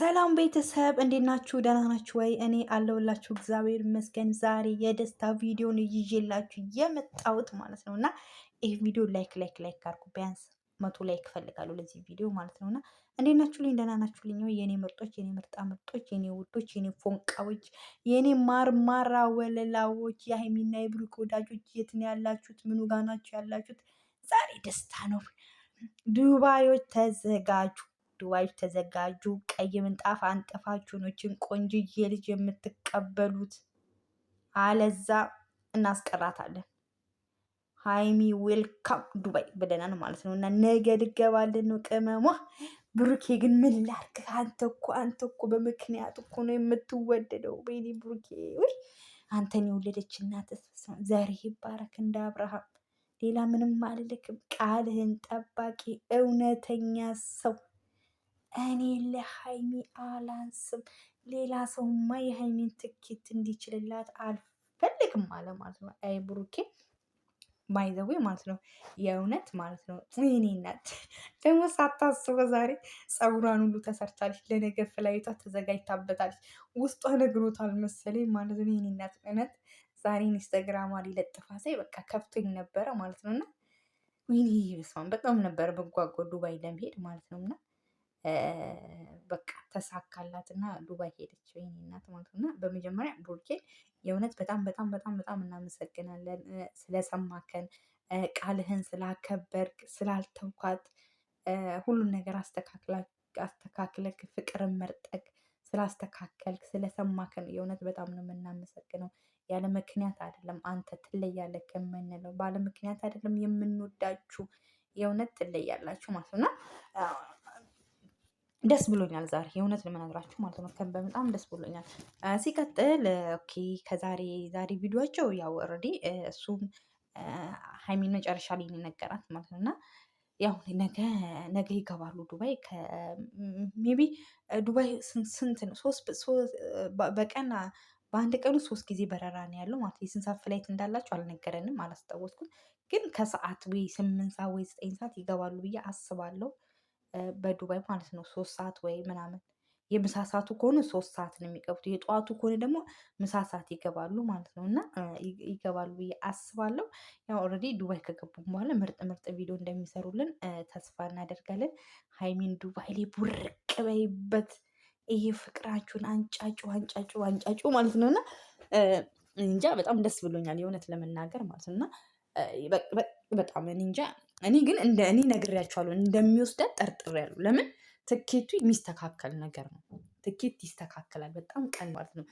ሰላም ቤተሰብ እንዴት ናችሁ? ደህና ናችሁ ወይ? እኔ አለሁላችሁ እግዚአብሔር ይመስገን። ዛሬ የደስታ ቪዲዮን ይዤላችሁ የመጣሁት ማለት ነው እና ይህ ቪዲዮ ላይክ ላይክ ላይክ አድርጉ። ቢያንስ መቶ ላይክ እፈልጋለሁ ለዚህ ቪዲዮ ማለት ነው እና እንዴት ናችሁ ልኝ? ደህና ናችሁ ልኝ? ወይ? የእኔ ምርጦች፣ የኔ ምርጣ ምርጦች፣ የኔ ውዶች፣ የኔ ፎንቃዎች፣ የኔ ማርማራ ወለላዎች፣ የሀይሚና የብሩክ ወዳጆች የት ነው ያላችሁት? ምኑ ጋ ናችሁ ያላችሁት? ዛሬ ደስታ ነው። ዱባዮች ተዘጋጁ ድዋዮች ተዘጋጁ፣ ቀይ ምንጣፍ አንጥፋችሁ ኖችን ቆንጅዬ ልጅ የምትቀበሉት፣ አለዛ እናስቀራታለን። ሃይሚ ዌልካም ዱባይ ብለናል ማለት ነው። እና ነገ ድገባልን ነው ቅመሟ። ብሩኬ ግን ምን ላርግ? አንተ እኮ አንተ እኮ በምክንያት እኮ ነው የምትወደደው። ቤኒ ብሩኬ ወይ አንተን የወለደች እናት ዘርህ ይባረክ እንደ አብርሃም። ሌላ ምንም አልልክም። ቃልህን ጠባቂ እውነተኛ ሰው እኔ ለሀይሚ አላንስም፣ ሌላ ሰውማ የሀይሚን ትኬት እንዲችልላት አልፈልግም አለ ማለት ነው። አይ ብሩኬ ባይዘዊ ማለት ነው የእውነት ማለት ነው። እኔ ደግሞ ሳታስበ ዛሬ ጸጉሯን ሁሉ ተሰርታለች፣ ለነገ ፍላይቷ ተዘጋጅታበታለች። ውስጧ ነግሮታል መሰለኝ ማለት ነው። እኔ እውነት ዛሬ ኢንስታግራም ሊለጥፋ ሳይ በቃ ከፍቶኝ ነበረ ማለት ነው። እና ወይኔ በስመ አብ በጣም ነበረ በጓጓ ዱባይ ለመሄድ ማለት ነው እና በቃ ተሳካላት እና ዱባይ ሄደች። ወይኔ እናት ማለት እና በመጀመሪያ ቡርኬ የእውነት በጣም በጣም በጣም በጣም እናመሰግናለን ስለሰማከን፣ ቃልህን ስላከበርክ፣ ስላልተውካት፣ ሁሉን ነገር አስተካክለክ ፍቅርን መርጠክ ስላስተካከልክ፣ ስለሰማከን የእውነት በጣም ነው የምናመሰግነው። ያለ ምክንያት አይደለም አንተ ትለያለክ የምንለው ባለ ምክንያት አይደለም የምንወዳችሁ የእውነት ትለያላችሁ ማለት ነው ደስ ብሎኛል ዛሬ የእውነት ለመናግራችሁ ማለት ነው። በጣም ደስ ብሎኛል። ሲቀጥል ኦኬ ከዛሬ ዛሬ ቪዲዮቸው ያው ኦልሬዲ እሱም ሀይሚን መጨረሻ ላይ ነገራት ማለት ነው እና ያው ነገ ነገ ይገባሉ ዱባይ። ሜቢ ዱባይ ስንት ነው? በቀን በአንድ ቀኑ ሶስት ጊዜ በረራ ነው ያለው ማለት የስንት ሰዓት ፍላይት እንዳላቸው አልነገረንም፣ አላስታወስኩም። ግን ከሰዓት ወይ ስምንት ሰዓት ወይ ዘጠኝ ሰዓት ይገባሉ ብዬ አስባለሁ። በዱባይ ማለት ነው ሶስት ሰዓት ወይ ምናምን የምሳ ሰዓቱ ከሆነ ሶስት ሰዓት ነው የሚገቡት። የጠዋቱ ከሆነ ደግሞ ምሳ ሰዓት ይገባሉ ማለት ነው እና ይገባሉ ብዬ አስባለሁ። ያው ኦልሬዲ ዱባይ ከገቡም በኋላ ምርጥ ምርጥ ቪዲዮ እንደሚሰሩልን ተስፋ እናደርጋለን። ሀይሚን ዱባይ ላይ ቡርቅ በይበት። ይሄ ፍቅራችሁን አንጫጩ አንጫጩ አንጫጩ ማለት ነው እና እንጃ በጣም ደስ ብሎኛል የእውነት ለመናገር ማለት ነው እና በጣም እንጃ እኔ ግን እንደ እኔ ነግሬያቸዋለሁ፣ እንደሚወስዳት ጠርጥሬያለሁ። ለምን ትኬቱ የሚስተካከል ነገር ነው። ትኬት ይስተካከላል፣ በጣም ቀን ማለት ነው።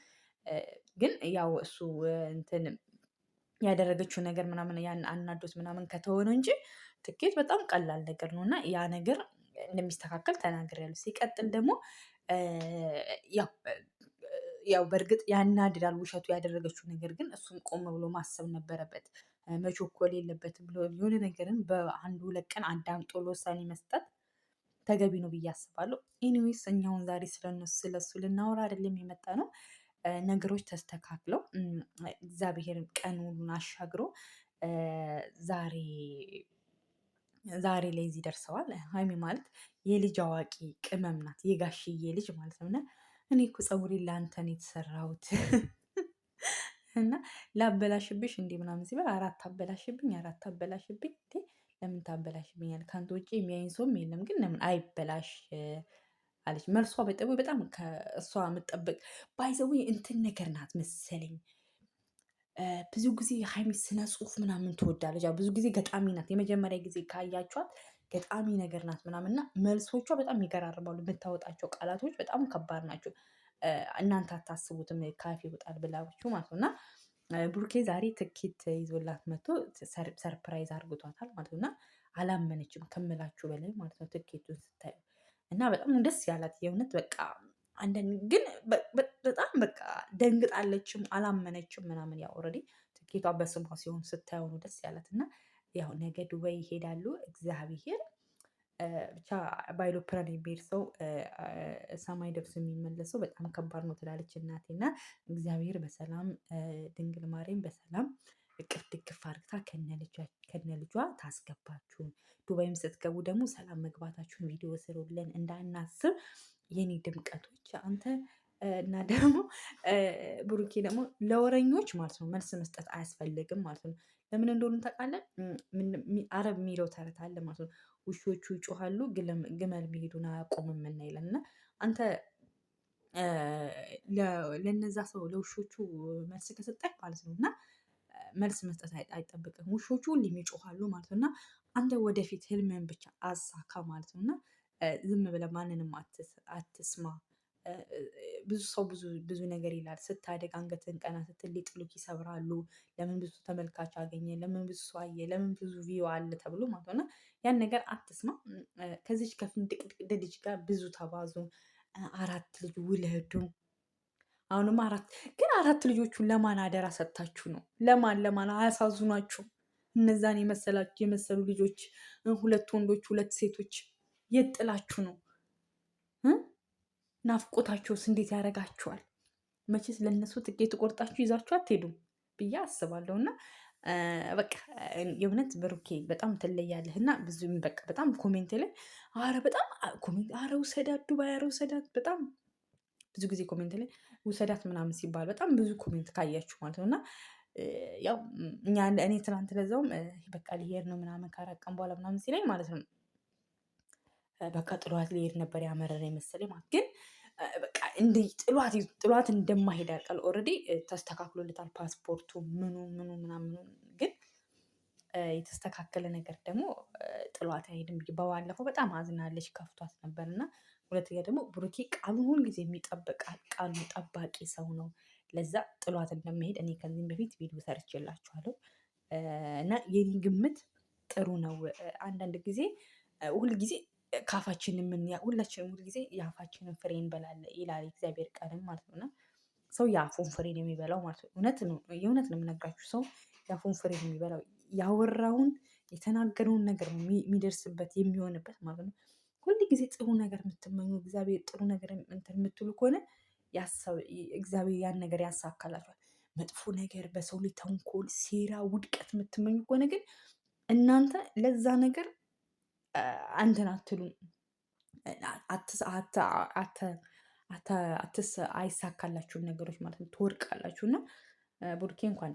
ግን ያው እሱ እንትን ያደረገችው ነገር ምናምን ያን አናዶት ምናምን ከተሆነ እንጂ ትኬት በጣም ቀላል ነገር ነው እና ያ ነገር እንደሚስተካከል ተናግሬያለሁ። ሲቀጥል ደግሞ ያው ያው በእርግጥ ያናድዳል ውሸቱ ያደረገችው ነገር፣ ግን እሱም ቆም ብሎ ማሰብ ነበረበት። መቾኮል የለበትም ብሎ የሆነ ነገርን በአንድ ሁለት ቀን አዳምጦ ለውሳኔ መስጠት ተገቢ ነው ብዬ አስባለሁ። ኤኒዌይስ እኛ ዛሬ ስለነሱ ስለሱ ልናወራ አይደለም ነው። ነገሮች ተስተካክለው እግዚአብሔርን ቀኑን አሻግሮ ዛሬ ዛሬ ላይ እዚህ ደርሰዋል። ሀይሚ ማለት የልጅ አዋቂ ቅመም ናት የጋሽዬ ልጅ ማለት ነው። እኔ እኮ ፀጉሬን ለአንተን ነው የተሰራሁት እና ላበላሽብሽ እንዴ ምናምን ሲበል አራት አበላሽብኝ አራት አበላሽብኝ እንዴ ለምን ታበላሽብኛል? ካንተ ውጭ የሚያይን ሰውም የለም ግን ለምን አይበላሽ? አለች መልሷ በጠቡ በጣም ከእሷ የምጠበቅ ባይዘዊ እንትን ነገር ናት መሰለኝ። ብዙ ጊዜ ሀይሚ ስነ ጽሁፍ ምናምን ትወዳለች። ያው ብዙ ጊዜ ገጣሚ ናት። የመጀመሪያ ጊዜ ካያችኋት ገጣሚ ነገር ናት ምናምን እና መልሶቿ በጣም ይገራርባሉ። የምታወጣቸው ቃላቶች በጣም ከባድ ናቸው። እናንተ አታስቡትም ካፌ ይወጣል ብላችሁ ማለት ነው እና ብሩኬ ዛሬ ትኬት ይዞላት መጥቶ ሰርፕራይዝ አርግቷታል ማለት ነው እና አላመነችም ከምላችሁ በላይ ማለት ነው ትኬቱን ስታየው እና በጣም ደስ ያላት የእውነት በቃ አንዳንድ ግን በጣም በቃ ደንግጣለችም አላመነችም ምናምን ያው ኦልሬዲ ትኬቷ በስሟ ሲሆን ስታየው ነው ደስ ያላት እና ያው ነገ ዱባይ ይሄዳሉ እግዚአብሔር ብቻ በአይሎፕራን የሚሄድ ሰው ሰማይ ደርሶ የሚመለሰው በጣም ከባድ ነው ትላለች እናቴ። እና እግዚአብሔር በሰላም ድንግል ማርያም በሰላም እቅፍ ድግፍ አድርግታ ከነ ልጇ ታስገባችሁ። ዱባይም ስትገቡ ደግሞ ሰላም መግባታችሁን ቪዲዮ ስሩልን እንዳናስብ የኔ ድምቀቶች አንተ እና ደግሞ ብሩኬ ደግሞ ለወረኞች ማለት ነው መልስ መስጠት አያስፈልግም ማለት ነው። ለምን እንደሆኑ ታውቃለህ? አረብ የሚለው ተረት አለ ማለት ነው። ውሾቹ ይጮሃሉ፣ ግመል ሚሄዱን አያቆምም እና እና አንተ ለነዛ ሰው ለውሾቹ መልስ ከሰጠህ ማለት ነው እና መልስ መስጠት አይጠብቅም። ውሾቹ ሁሌም ይጮሃሉ ማለት ነው እና አንተ ወደፊት ህልምን ብቻ አሳካ ማለት ነው እና ዝም ብለህ ማንንም አትስማ። ብዙ ሰው ብዙ ብዙ ነገር ይላል። ስታደግ አንገትን ቀና ስትል ሊጥሉክ ይሰብራሉ። ለምን ብዙ ተመልካች አገኘ፣ ለምን ብዙ ሰው አየ፣ ለምን ብዙ ቪዮ አለ ተብሎ ማለት ነው። ያን ነገር አትስማ። ከዚች ከፍንድቅድቅ ልጅ ጋር ብዙ ተባዙ፣ አራት ልጅ ውለዱ። አሁንም አራት ግን አራት ልጆቹን ለማን አደራ ሰጥታችሁ ነው? ለማን ለማን አያሳዝኗችሁ? እነዛን የመሰላችሁ የመሰሉ ልጆች ሁለት ወንዶች ሁለት ሴቶች የጥላችሁ ነው? ናፍቆታቸውስ እንዴት ያደርጋቸዋል? መቼስ ለእነሱ ትኬት ቆርጣችሁ ይዛችሁ አትሄዱም ብዬ አስባለሁ። እና በቃ የእውነት ብሩኬ በጣም ትለያለህ እና ብዙ በቃ በጣም ኮሜንት ላይ አረ በጣም ኮሜንት አረ ውሰዳት ዱባይ አረ ውሰዳት በጣም ብዙ ጊዜ ኮሜንት ላይ ውሰዳት ምናምን ሲባል በጣም ብዙ ኮሜንት ካያችሁ ማለት ነው እና ያው እኛ እኔ ትናንት ለዛውም በቃ ሊሄድ ነው ምናምን ካራቀም በኋላ ምናምን ሲለኝ ማለት ነው በቃ ጥሏት ሊሄድ ነበር ያመረረ የመሰለኝ ማለት ግን በቃ ጥሏት እንደማሄድ ያውቃል። ኦልሬዲ ተስተካክሎለታል ፓስፖርቱ ምኑ ምኑ ምናምኑ ግን የተስተካከለ ነገር ደግሞ ጥሏት አይሄድም። በባለፈው በጣም አዝናለች ከፍቷት ነበር እና ሁለተኛ ደግሞ ብሩኬ ቃሉን ጊዜ የሚጠብቃል ቃሉ ጠባቂ ሰው ነው። ለዛ ጥሏት እንደሚሄድ እኔ ከዚህም በፊት ቪዲዮ ሰርቼላችኋለሁ እና የኔ ግምት ጥሩ ነው። አንዳንድ ጊዜ ጊዜ ካፋችን ምን ሁላችንም ሁል ጊዜ የአፋችንን ፍሬ እንበላለን ይላል እግዚአብሔር ቃልም ማለት ነው። ሰው የአፉን ፍሬ ነው የሚበላው ማለት ነው። እውነት ነው፣ የእውነት ነው የምነግራችሁ። ሰው የአፉን ፍሬ ነው የሚበላው። ያወራውን የተናገረውን ነገር ነው የሚደርስበት የሚሆንበት ማለት ነው። ሁል ጊዜ ጥሩ ነገር የምትመኙ እግዚአብሔር ጥሩ ነገር እንትን የምትሉ ከሆነ እግዚአብሔር ያን ነገር ያሳካላችኋል። መጥፎ ነገር፣ በሰው ላይ ተንኮል፣ ሴራ፣ ውድቀት የምትመኙ ከሆነ ግን እናንተ ለዛ ነገር እንትን አትሉም፣ አይሳካላችሁም ነገሮች ማለት ነው። ትወድቃላችሁ እና ቡርኬ እንኳን